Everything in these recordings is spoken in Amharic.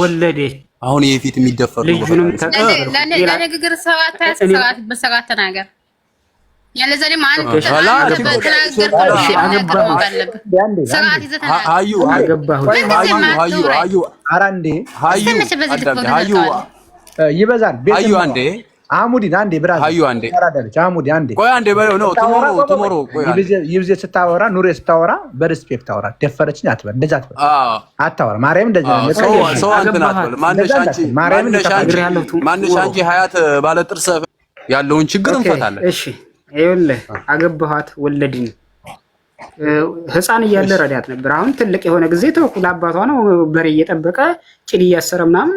ወለዴ አሁን ይሄ የሚደፈር ልጁንም ለንግግር ሰባት ተናገር ያለ ዛሬ ማን አሙዲን አንዴ ብራዘር አዩ አንዴ አሙዲ አንዴ ቆይ አንዴ በለው ነው ቱሞሮ ቱሞሮ ቆይ ይብዜ ስታወራ ኑሬ ስታወራ በሪስፔክት አወራ ደፈረችኝ አትበል እንደዛ አትበል አታወራ ማርያም እንደዛ ነው ሰው አንተና አትበል ማነሽ አንቺ ማነሽ አንቺ ሀያት ባለ ጥርስ ያለውን ችግር እንፈታለን እሺ ይኸውልህ አገባኋት ወለድኝ ህፃን እያለ ረዳት ነበር አሁን ትልቅ የሆነ ጊዜ ተወኩ ለአባቷ ነው በሬ እየጠበቀ ጭድ እያሰረ ምናምን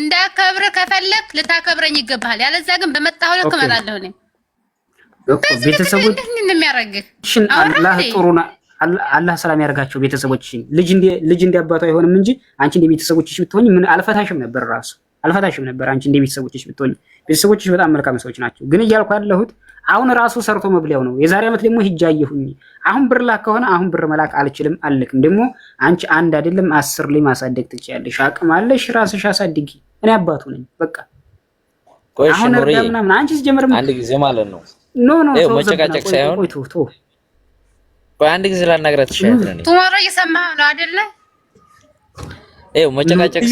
እንዳከብር ከፈለክ ልታከብረኝ ይገባሃል። ያለዛ ግን በመጣሁ ልክ እመጣለሁ። አላህ ሰላም ያደርጋቸው ቤተሰቦችሽን። ልጅ እንደ አባቷ አይሆንም እንጂ አንቺ እንደ ቤተሰቦችሽ ብትሆኝ ምን አልፈታሽም ነበር፣ ራሱ አልፈታሽም ነበር አንቺ እንደ ቤተሰቦችሽ ብትሆኝ። ቤተሰቦችሽ በጣም መልካም ሰዎች ናቸው። ግን እያልኩ ያለሁት አሁን ራሱ ሰርቶ መብሊያው ነው። የዛሬ ዓመት ደግሞ ሂጅ አየሁኝ። አሁን ብር ላክ ከሆነ አሁን ብር መላክ አልችልም አልልክም። ደግሞ አንቺ አንድ አይደለም አስር ላይ ማሳደግ ትችያለሽ፣ አቅም አለሽ፣ ራስሽ አሳድጊ። እኔ አባቱ ነኝ። በቃ አሁን እርዳ ምናምን። አንቺ ስጀምር አንድ ጊዜ ማለት ነው ኖ ኖ መጨቃጨቅ ሳይሆን ቶ ቶ አንድ ጊዜ ላናግራት ትችላለህ። ቱማሮ እየሰማህ ነው አይደለ? ይኸው መጨቃጨቅ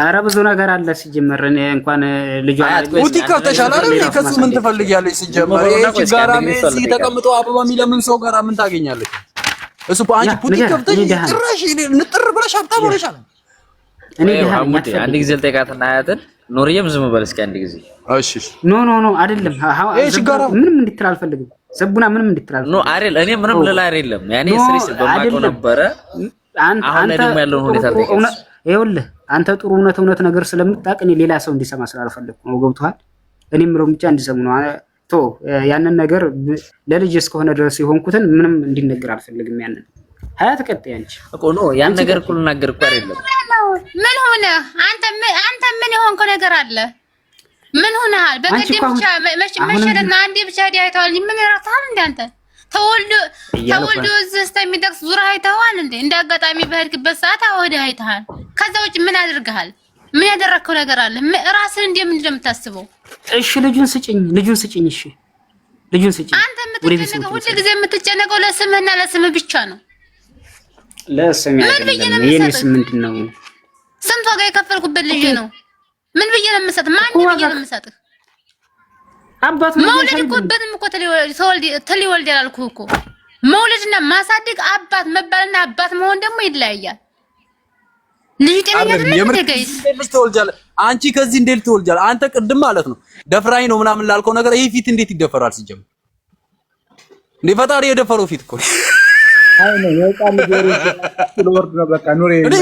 ኧረ ብዙ ነገር አለ። ሲጀመር እኔ እንኳን ልጇ ቡቲክ ከፍተሻል አይደል? ከሱ ምን ትፈልጊያለሽ? ሲጀመር ይሄ ጋራ ሜሲ ተቀምጦ አበባ የሚለምን ሰው ጋራ ምን ታገኛለች? እሱ አንቺ ቡቲክ ከፍተሽ ጭራሽ ንጥር ብለሽ ሀብታም ሆነሻል። እኔ አንድ ጊዜ ልጠይቃትና አያትን ኖርዬም ዝም በል እስኪ አንድ ጊዜ። እሺ ኖ ኖ ኖ አይደለም፣ ምንም እንድትል አልፈልግም። ዘቡና ምንም እንድትል አልፈልግም። ኖ አይደል፣ እኔ ምንም ልላ አይደለም። ያኔ ስሪስ በማቆ ነበረ። አንተ ደግሞ ያለውን ሁኔታ ጠይቀኝ። ይኸውልህ አንተ ጥሩ እውነት እውነት ነገር ስለምታውቅ እኔ ሌላ ሰው እንዲሰማ ስላልፈለግኩ ነው። ገብቶሃል? እኔ ምረው ብቻ እንዲሰሙ ነው። ቶ ያንን ነገር ለልጅ እስከሆነ ድረስ የሆንኩትን ምንም እንዲነገር አልፈልግም። ያንን ሀያት ቀጥ ያንቺ እኮ ኖ ያን ነገር እኮ ልናገር እኮ አይደለም። ምን ሆነ አንተ ምን ነገር አለ። ምን ሆነሃል? በቀደም ብቻ መሸለትና አንዴ ብቻ ዲ አይተዋል። ምን ይረሳል? እንዳንተ ተወልዶ ተወልዶ እዚህ እስከሚደርስ ዙር አይተዋል እንዴ? እንደ አጋጣሚ በሄድክበት ሰዓት አወደ አይተሃል። ከዛ ውጭ ምን አድርገሃል? ምን ያደረግከው ነገር አለ? ራስን እንዴ ምንድን ነው የምታስበው? እሺ ልጁን ስጭኝ፣ ልጁን ስጭኝ። እሺ ልጁን ስጭኝ። አንተ የምትጨነቀው ሁሉ ጊዜ የምትጨነቀው ለስምህና ለስምህ ብቻ ነው። ለስም ያደለም ይሄን ስም ምንድን ነው? ስንት ዋጋ የከፈልኩበት ልጅ ነው ምን ብዬ ነው የምሰጥህ? ማን ብዬ ነው የምሰጥህ? አባት መውለድ እኮ በደም እኮ ተሊወልድ ያላልኩህ እኮ መውለድና ማሳደግ አባት መባልና አባት መሆን ደግሞ ይለያያል። ልጅ ጤነኛ ትገይስ አንቺ ከዚህ እንዴት ትወልጃለህ? አንተ ቅድም ማለት ነው ደፍራኝ ነው ምናምን ላልከው ነገር ይሄ ፊት እንዴት ይደፈራል? ሲጀምር እንዴ ፈጣሪ የደፈረው ፊት እኮ አይ ነው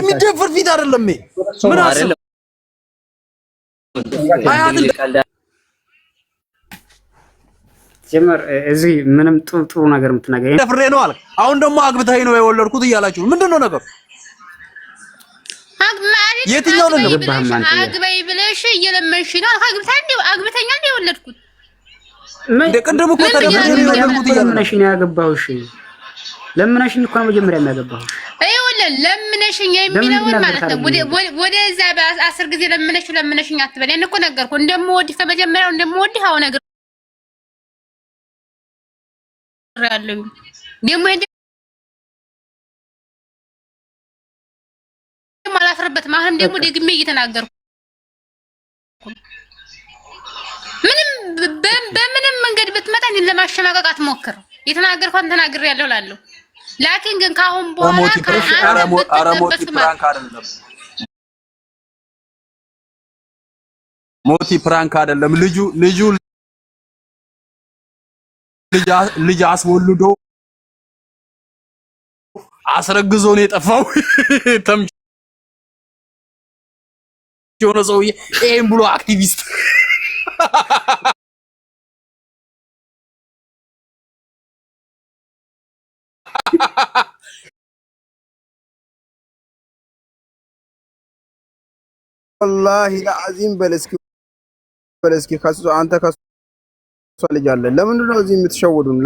የሚደፈር ፊት አይደለም። ምን አስብ ጀመር እዚህ ምንም ጥሩ ጥሩ ነገር የምትናገር ደፍሬ ነው አልክ። አሁን ደግሞ አግብታኝ ነው የወለድኩት እያላችሁ ምንድን ነው ነገሩ? የትኛው ነው ነገር? አግበይ ብለሽ እየለመንሽ ነው? አግብታኛ ነው የወለድኩት። ቅድም እኮ ተደፍሬ ነው የወለድኩት ነሽ ነው ያገባሁሽ ለምነሽኝ እኮ ነው መጀመሪያ የሚያገባው። ይኸውልህ ለምነሽኝ የሚለውን ማለት ነው። ወደዛ በአስር ጊዜ ለምነሽው ለምነሽኝ አትበል። ያን እኮ ነገርኩህ እንደምወድህ ከመጀመሪያው እንደምወድህ አሁን ነገር ያለኝ ደግሞ አላፍርበትም። አሁንም ደግሞ ደግሜ እየተናገርኩ ምንም በምንም መንገድ ብትመጣ እኔን ለማሸማቀቅ አትሞክር። የተናገርኳን ተናግሬያለሁ እላለሁ ላኪን ግን ካሁን በኋላ አይደለም፣ ሞቲ ፕራንክ አይደለም። ልጁ ልጁ ልጅ አስወልዶ አስረግዞ ነው የጠፋው። ተምች የሆነ ሰውዬ ይሄን ብሎ አክቲቪስት ወላሂ ለአዚም በል እስኪ በል እስኪ ከሱ አንተ ከሱ ልጅ አለ። ለምንድን ነው እዚህ የምትሸውዱን?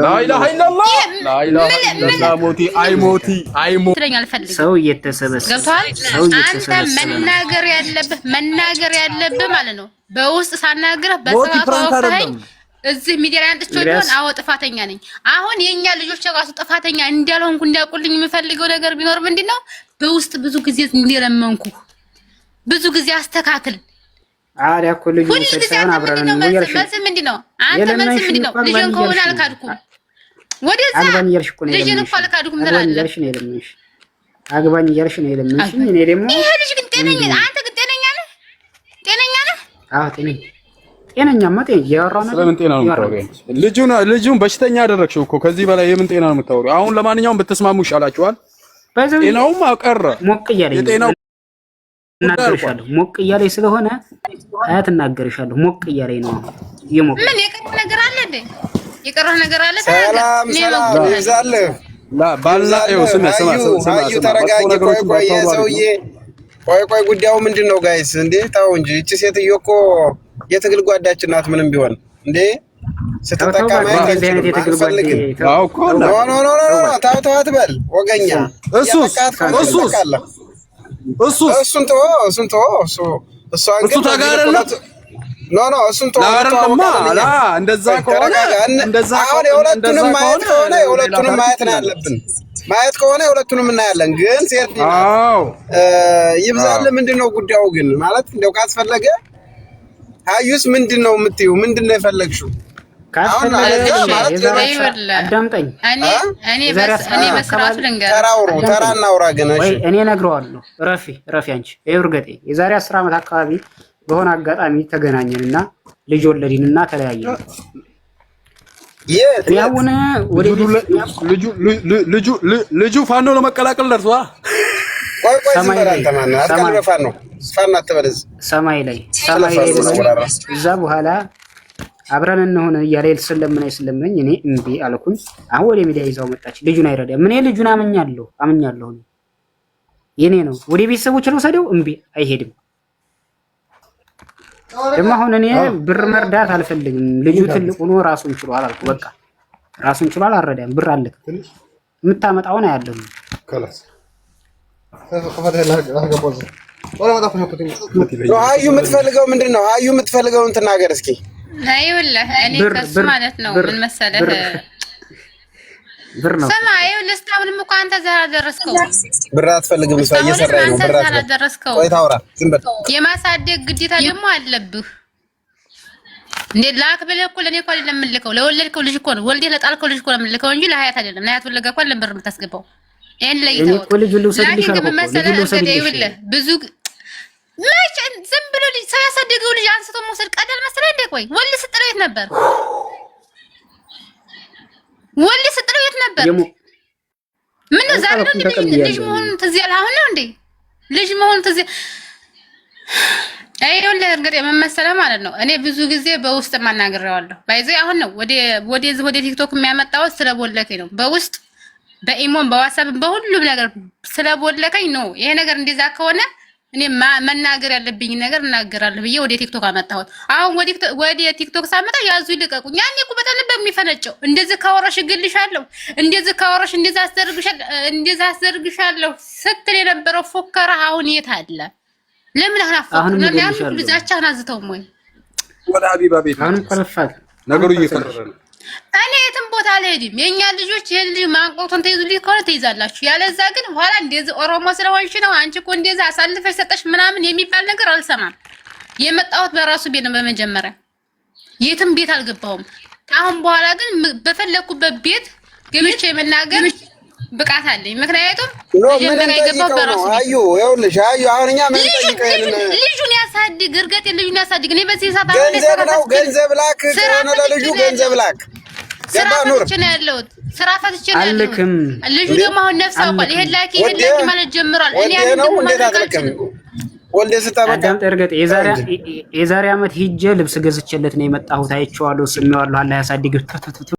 ሰው እየተሰበሰበ አንተ መናገር ያለብህ መናገር ያለብህ ማለት ነው። በውስጥ ሳናግረህ በሰባፋኝ እዚህ ሚዲያ ላይ አንጥቼው ሊሆን አዎ፣ ጥፋተኛ ነኝ። አሁን የኛ ልጆች ራሱ ጥፋተኛ እንዳልሆንኩ እንዳውቁልኝ የምፈልገው ነገር ቢኖር ምንድን ነው በውስጥ ብዙ ጊዜ እንዲለመንኩ ብዙ ጊዜ አስተካክል። አሪ እኮ ልጅ ሰጣን አብረን ነው ያልሽ። መስም ምንድን ነው አንተ መስም ምንድን ነው? ልጅን ከሆነ አልካድኩም፣ ወደዛ ልጅን እኮ አልካድኩም ትላለህ። አግባኝ እያልሽ ነው የለምንሽ። እኔ ደግሞ ይሄ ልጅ ግን ጤነኛ አንተ ግን ጤነኛ ነህ? ጤነኛ ነህ? አዎ ጤነኛ ጤነኛማ ጤነኛ ያወራው ነው። ስለምን ጤና ነው የምታወሪው? ልጁን ልጁን በሽተኛ አደረግሽው እኮ። ከዚህ በላይ የምን ጤና ነው የምታወሪው? አሁን ለማንኛውም ብትስማሙ ይሻላችኋል። ጤናውም አቀረ ሞቅ እያለኝ የጤናው እናገርሻለሁ። ሞቅ እያለኝ ስለሆነ አያት እናገርሻለሁ። ሞቅ እያለኝ ነው። ይሞቅ ምን የቀረ ነገር አለ እንዴ? የቀረ ነገር አለ? ሰላም ሰላም ይዛለህ ባላ ይኸው ስማ ስማ ስማ ተረጋጊ። ቆይ ቆይ የሰውዬ ቆይ ቆይ ጉዳዩ ምንድን ነው ጋይስ? እንዴ ታው እንጂ እቺ ሴትዮ እኮ የትግል ጓዳችን ናት። ምንም ቢሆን እንዴ ስትጠቀም አልፈልግም። ኖ ኖ ኖ ታው ታው አትበል ወገኛ። እሱስ እሱስ እሱ እሱን ተወው፣ እሱን ተወው። እሱ እሱ አንገት እሱ ተጋረለት ኖ ኖ እሱን ተወው። እንደዛ ከሆነ እንደዛ ከሆነ የሁለቱንም ማየት ከሆነ የሁለቱንም ማየት ነው ያለብን። ማየት ከሆነ የሁለቱንም እናያለን። ግን ሴርዲ ይብዛል። ምንድን ነው ጉዳዩ ግን ማለት እንደው ካስፈለገ አዩስ ምንድን ነው የምትይው? ምንድን ነው የፈለግሽው? አዳምጠኝ፣ ተራ እኔ እነግረዋለሁ። ረፊ ረፊ፣ አንቺ እርገጤ የዛሬ አስር ዓመት አካባቢ በሆነ አጋጣሚ ተገናኘንና ልጅ ወለድንና ተለያየን። ልጁ ፋኖ ለመቀላቀል ደርሷ ሰማይ ላይ ሰማይ ላይ እዛ በኋላ አብረን እንሆን እያለ ስለምና ስለምነኝ እኔ እምቢ አልኩኝ። አሁን ወደ ሚዲያ ይዛው መጣች። ልጁን አይረዳም። እኔ ልጁን አምኛለሁ አምኛለሁ። የኔ ነው። ወደ ቤተሰቦች ልውሰደው፣ እምቢ አይሄድም። ደግሞ አሁን እኔ ብር መርዳት አልፈልግም። ልጁ ትልቅ ሆኖ ራሱን ችሏል አልኩ። በቃ ራሱን ችሏል፣ አልረዳም። ብር አለ የምታመጣውን አያለሁ። አዩ የምትፈልገው ምንድን ነው? አዩ የምትፈልገውን ትናገር እስኪ ይኸውልህ እኔ ከሱ ማለት ነው ምን መሰለህ ስማ፣ ይኸውልህ እስካሁንም እኮ አንተ ዘር አልደረስከው። ብር አትፈልግም እሷ እየሰራኝ ነው። ብር አልደረስከው። ቆይ ታውራ ዝም በል። የማሳደግ ግዴታ ደግሞ አለብህ። እንዴ ላክ ብለህ እኮ ለእኔ እኮ አይደለም የምልከው፣ ለወለድከው ልጅ እኮ ነው። ወልዴ ለጣልከው ልጅ እኮ ነው የምልከው እንጂ ለሀያት አይደለም። ለሀያት ወለጋ እኮ አይደለም ብር የምታስገባው። ይሄን ለይተው ልጅ ሁሉ ሰድልሽ ብዙ መቼ ዝም ብሎ ቆይ ወል ስጥለው የት ነበር? ወል ስጥለው የት ነበር? ምን ነው ዛሬ ነው ልጅ መሆኑን ትዝ ያለህ አሁን ነው እንዴ? ልጅ መሆኑን ትዝ ይኸውልህ እንግዲህ የምመሰለህ ማለት ነው። እኔ ብዙ ጊዜ በውስጥ ማናግሬዋለሁ። ባይዘ አሁን ነው ወደ ወደ ወደ ቲክቶክ የሚያመጣው ስለቦለከኝ ነው። በውስጥ በኢሞን በዋሳብ በሁሉም ነገር ስለቦለከኝ ነው። ይሄ ነገር እንደዛ ከሆነ እኔ መናገር ያለብኝ ነገር እናገራለሁ ብዬ ወደ ቲክቶክ አመጣሁት። አሁን ወደ ቲክቶክ ሳመጣ ያዙ ይልቀቁኝ። ያኔ እኮ በጣም ነበር የሚፈነጨው። እንደዚህ ካወራሽ እግልሻለሁ፣ እንደዚህ ካወራሽ እንደዚህ አስደርግሻለሁ ስትል የነበረው ፎከራ አሁን የት አለ? ለምን አናፈቁ ለምን ብዛቻ አናዝተውም ወይ ወደ አቢባ ቤት አሁን ነገሩ እየፈረረ ነው። እኔ የትም ቦታ አልሄድም። የእኛ ልጆች ይህን ልጅ ማንቆርቶን ተይዙልኝ ከሆነ ተይዛላችሁ፣ ያለዛ ግን ኋላ እንደዚህ ኦሮሞ ስለሆንሽ ነው አንቺ እኮ እንደዚህ አሳልፈሽ ሰጠሽ ምናምን የሚባል ነገር አልሰማም። የመጣሁት በራሱ ቤት ነው። በመጀመሪያ የትም ቤት አልገባሁም። አሁን በኋላ ግን በፈለግኩበት ቤት ገብቼ የመናገር ብቃት አለኝ። ምክንያቱም ልጁን ያሳድግ እርገጤ ልጁን ያሳድግ። እኔ በዚህ ሰዓት ገንዘብ ነው ገንዘብ ላክ ከሆነ ለልጁ ገንዘብ ላክ ስራ ፈትቼ ነው ያለሁት። ስራ ፈትቼ ነው ያለሁት። ልጁ ደግሞ አሁን ነፍስ አውቋል። ይሄን ላኪ ይሄን ላኪ ማለት ጀምሯል። እኔ ያንን ደግሞ ማድረግ አልችልም። ወልደ ስታመጣም እርግጥ የዛሬ አመት ሂጄ ልብስ ገዝቼለት ነው የመጣሁት። አይቼዋለሁ፣ ስሜዋለሁ። አላህ ያሳድግህ።